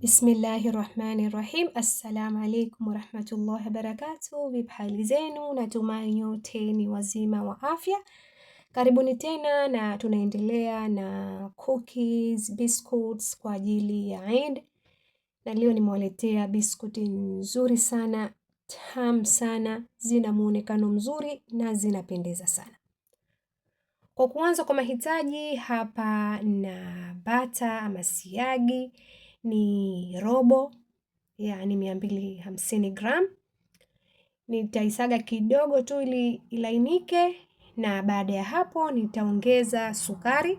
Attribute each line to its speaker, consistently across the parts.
Speaker 1: Bismillahi rahmani rahim. Assalamu alaikum warahmatullahi wabarakatuh. Vipi hali zenu? Natumai nyote ni wazima wa afya. Karibuni tena, na tunaendelea na cookies biscuits kwa ajili ya Eid, na leo nimewaletea biskuti nzuri sana, tamu sana, zina muonekano mzuri na zinapendeza sana. Kwa kuanza kwa mahitaji, hapa na bata ama siagi ni robo, yaani mia mbili hamsini gram. Nitaisaga kidogo tu ili ilainike, na baada ya hapo nitaongeza sukari.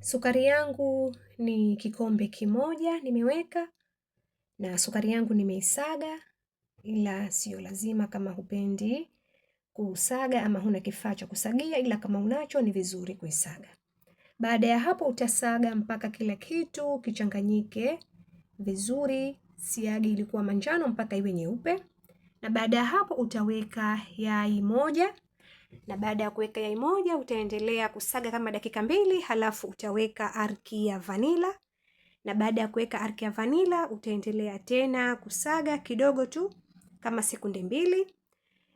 Speaker 1: Sukari yangu ni kikombe kimoja nimeweka, na sukari yangu nimeisaga, ila siyo lazima kama hupendi kusaga ama huna kifaa cha kusagia, ila kama unacho ni vizuri kuisaga. Baada ya hapo utasaga mpaka kila kitu kichanganyike vizuri, siagi ilikuwa manjano mpaka iwe nyeupe. Na baada ya hapo utaweka yai moja, na baada ya kuweka yai moja utaendelea kusaga kama dakika mbili, halafu utaweka arki ya vanila. Na baada ya kuweka arki ya vanila utaendelea tena kusaga kidogo tu kama sekunde mbili,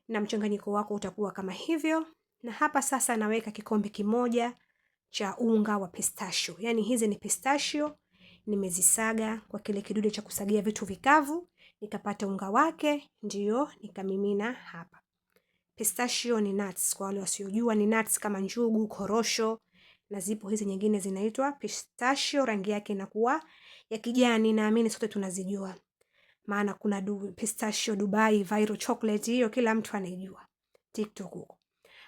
Speaker 1: na mchanganyiko wako utakuwa kama hivyo. Na hapa sasa naweka kikombe kimoja cha unga wa pistachio. Yaani hizi ni pistachio nimezisaga kwa kile kidude cha kusagia vitu vikavu, nikapata unga wake, ndio nikamimina hapa. Pistachio ni nuts, kwa wale wasiojua ni nuts kama njugu, korosho na zipo hizi nyingine zinaitwa pistachio. Rangi yake inakuwa ya kijani, naamini sote tunazijua, maana kuna du, pistachio Dubai, viral chocolate, hiyo kila mtu anaijua TikTok huko.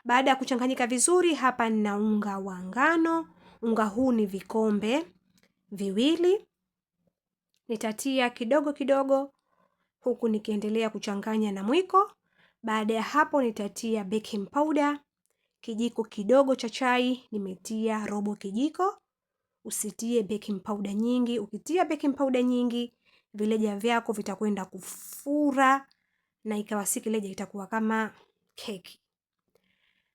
Speaker 1: Baada ya kuchanganyika vizuri, hapa nina unga wa ngano. Unga huu ni vikombe viwili, nitatia kidogo kidogo, huku nikiendelea kuchanganya na mwiko. Baada ya hapo, nitatia baking powder kijiko kidogo cha chai, nimetia robo kijiko. Usitie baking powder nyingi. Ukitia baking powder nyingi, vileja vyako vitakwenda kufura na ikawa si kileja, itakuwa kama keki.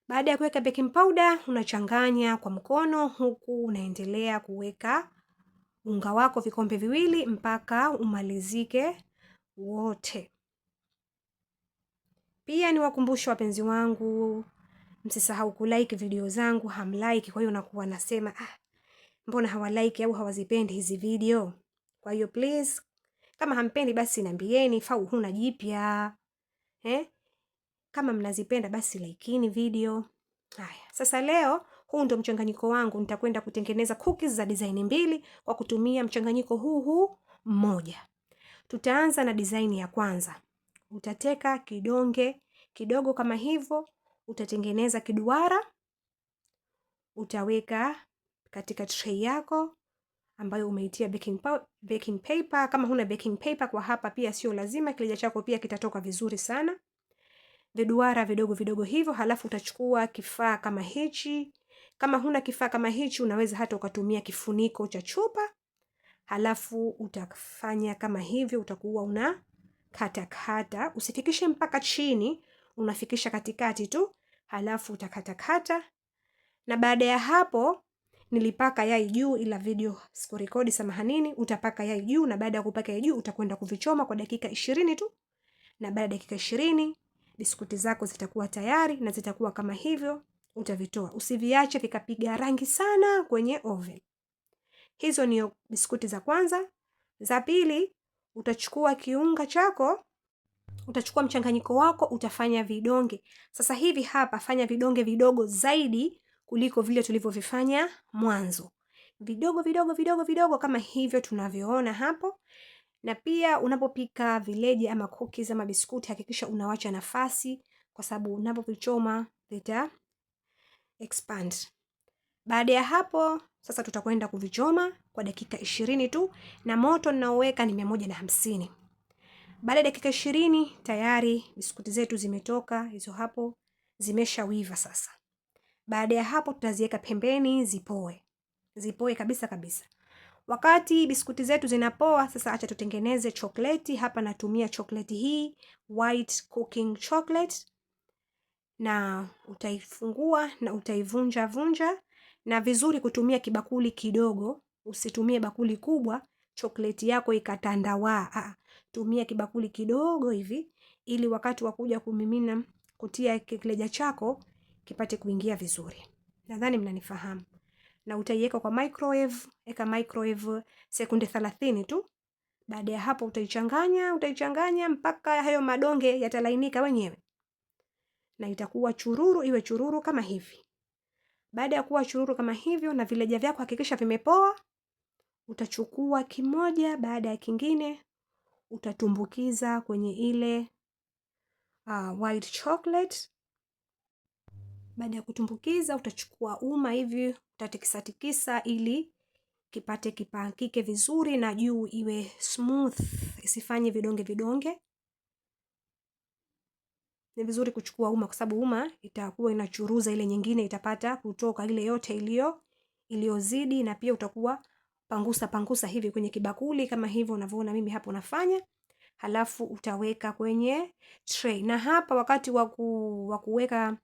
Speaker 1: Baada ya kuweka baking powder, unachanganya kwa mkono, huku unaendelea kuweka unga wako vikombe viwili mpaka umalizike wote. Pia ni wakumbusha wapenzi wangu, msisahau kulike video zangu. Hamlike, kwa hiyo nakuwa nasema ah, mbona hawalike au hawazipendi hizi video? Kwa hiyo please, kama hampendi basi nambieni, fau huna jipya eh? Kama mnazipenda basi laikini video. Haya, sasa leo huu ndio mchanganyiko wangu. Nitakwenda kutengeneza cookies za design mbili kwa kutumia mchanganyiko huu huu mmoja. Tutaanza na design ya kwanza. Utateka kidonge kidogo kama hivyo, utatengeneza kiduara, utaweka katika tray yako ambayo umeitia baking, baking paper. Kama huna baking paper kwa hapa pia sio lazima, kilija chako pia kitatoka vizuri sana viduara vidogo vidogo hivyo, halafu utachukua kifaa kama hichi. Kama huna kifaa kama hichi, unaweza hata ukatumia kifuniko cha chupa, halafu utafanya kama hivyo, utakuwa una kata kata, usifikishe mpaka chini, unafikisha katikati tu, halafu utakata kata. Na baada ya hapo nilipaka yai juu, ila video sikurekodi, samahanini. Utapaka yai juu, na baada ya kupaka yai juu utakwenda kuvichoma kwa dakika ishirini tu, na baada ya dakika ishirini biskuti zako zitakuwa tayari na zitakuwa kama hivyo. Utavitoa, usiviache vikapiga rangi sana kwenye oven. Hizo ni biskuti za kwanza. Za pili, utachukua kiunga chako, utachukua mchanganyiko wako, utafanya vidonge. Sasa hivi hapa, fanya vidonge vidogo zaidi kuliko vile tulivyovifanya mwanzo, vidogo vidogo vidogo vidogo, kama hivyo tunavyoona hapo. Na pia unapopika vileji ama cookies ama biskuti hakikisha unawacha nafasi kwa sababu unapovichoma vita expand. Baada ya hapo sasa tutakwenda kuvichoma kwa dakika ishirini tu na moto ninaoweka ni mia moja na hamsini. Baada ya dakika ishirini tayari biskuti zetu zimetoka hizo hapo zimeshawiva sasa. Baada ya hapo tutaziweka pembeni zipoe. Zipoe kabisa kabisa. Wakati biskuti zetu zinapoa, sasa acha tutengeneze chokleti. Hapa natumia chokleti hii white cooking chocolate, na utaifungua na utaivunja vunja, na vizuri kutumia kibakuli kidogo, usitumie bakuli kubwa chokleti yako ikatandawaa. Tumia kibakuli kidogo hivi, ili wakati wa kuja kumimina kutia kikleja chako kipate kuingia vizuri. Nadhani mnanifahamu na utaiweka kwa microwave, eka microwave sekunde 30 tu. Baada ya hapo utaichanganya utaichanganya mpaka hayo madonge yatalainika wenyewe, na itakuwa chururu, iwe chururu kama hivi. Baada ya kuwa chururu kama hivyo na vileja vyako hakikisha vimepoa, utachukua kimoja baada ya kingine, utatumbukiza kwenye ile uh, white chocolate. Baada ya kutumbukiza, utachukua uma hivi tikisa ili kipate kipangike vizuri na juu iwe smooth, isifanye vidonge vidonge. Ni vizuri kuchukua uma, kwa sababu uma itakuwa inachuruza ile nyingine, itapata kutoka ile yote iliyo iliyozidi, na pia utakuwa pangusa pangusa hivi kwenye kibakuli kama hivyo unavyoona mimi hapo nafanya, halafu utaweka kwenye tray. Na hapa wakati wa kuweka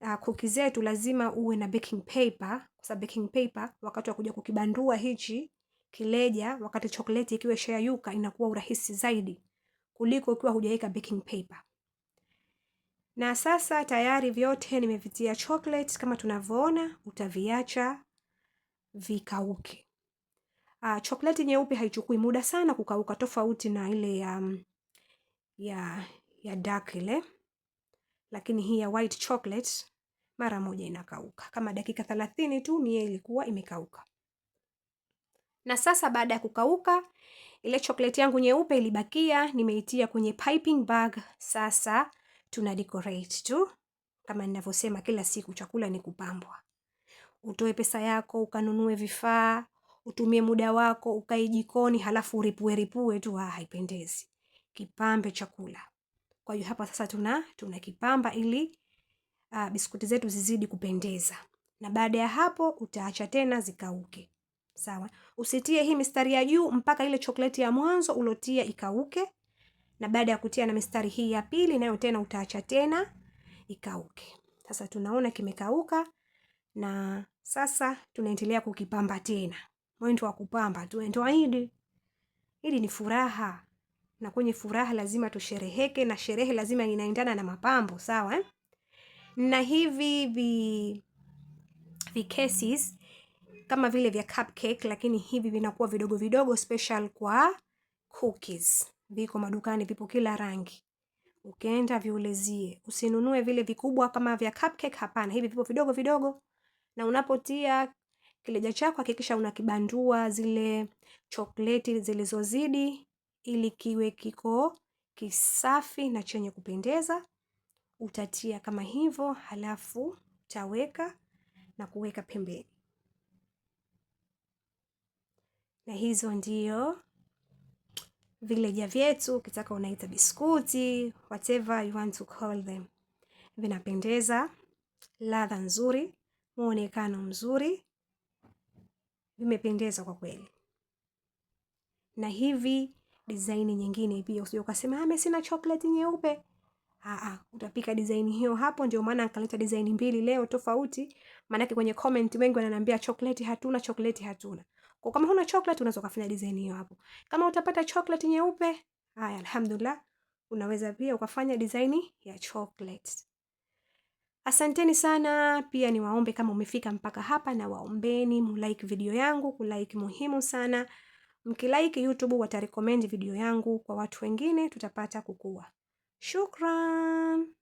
Speaker 1: uh, kuki zetu lazima uwe na baking paper, kwa sababu baking paper wakati wa kuja kukibandua hichi kileja, wakati chokoleti ikiwa ishayayuka inakuwa urahisi zaidi kuliko ukiwa hujaweka baking paper. Na sasa tayari vyote nimevitia chocolate kama tunavyoona, utaviacha vikauke. Uh, chokoleti nyeupe haichukui muda sana kukauka tofauti na ile ya, um, ya, ya dark ile, lakini hii ya white chocolate mara moja inakauka. Kama dakika thelathini tu mie ilikuwa imekauka. Na sasa baada ya kukauka ile chocolate yangu nyeupe ilibakia, nimeitia kwenye piping bag. Sasa tuna decorate tu, kama ninavyosema kila siku, chakula ni kupambwa. Utoe pesa yako ukanunue vifaa, utumie muda wako ukae jikoni, halafu uripue ripue tu, ah, haipendezi. Kipambe chakula. Kwa hiyo hapa sasa tuna tuna kipamba ili uh, biskuti zetu zizidi kupendeza, na baada ya hapo utaacha tena zikauke. Sawa, usitie hii mistari ya juu mpaka ile chokleti ya mwanzo ulotia ikauke, na baada ya kutia na mistari hii ya pili nayo tena utaacha tena ikauke. Sasa tunaona kimekauka, na sasa tunaendelea kukipamba tena. Mwendo wa kupamba tu, tuendoa hili hili, ni furaha, na kwenye furaha lazima tushereheke, na sherehe lazima inaendana na mapambo. Sawa eh? na hivi vi, vi cases kama vile vya cupcake, lakini hivi vinakuwa vidogo vidogo special kwa cookies. Viko madukani, vipo kila rangi, ukienda viulezie. Usinunue vile vikubwa kama vya cupcake, hapana. Hivi vipo vidogo vidogo, na unapotia kileja chako hakikisha unakibandua zile chokleti zilizozidi, ili kiwe kiko kisafi na chenye kupendeza utatia kama hivyo, halafu utaweka na kuweka pembeni. Na hizo ndio vileja vyetu, ukitaka unaita biskuti, whatever you want to call them. Vinapendeza, ladha nzuri, muonekano mzuri, vimependeza kwa kweli. Na hivi design nyingine pia, usije ukasema ame, ah, sina chocolate nyeupe. Aa, utapika design hiyo hapo. Ndio maana akaleta design mbili leo tofauti, maanake kwenye comment wengi wananiambia chocolate hatuna, chocolate hatuna. Kwa kama huna chocolate unaweza kufanya design hiyo hapo. Kama utapata chocolate nyeupe, haya alhamdulillah, unaweza pia ukafanya design ya chocolate. Asanteni sana. Pia niwaombe kama umefika mpaka hapa, na waombeni mlike video yangu, kulike muhimu sana. Mkilike YouTube watarecommend video yangu kwa watu wengine, tutapata kukua. Şükran.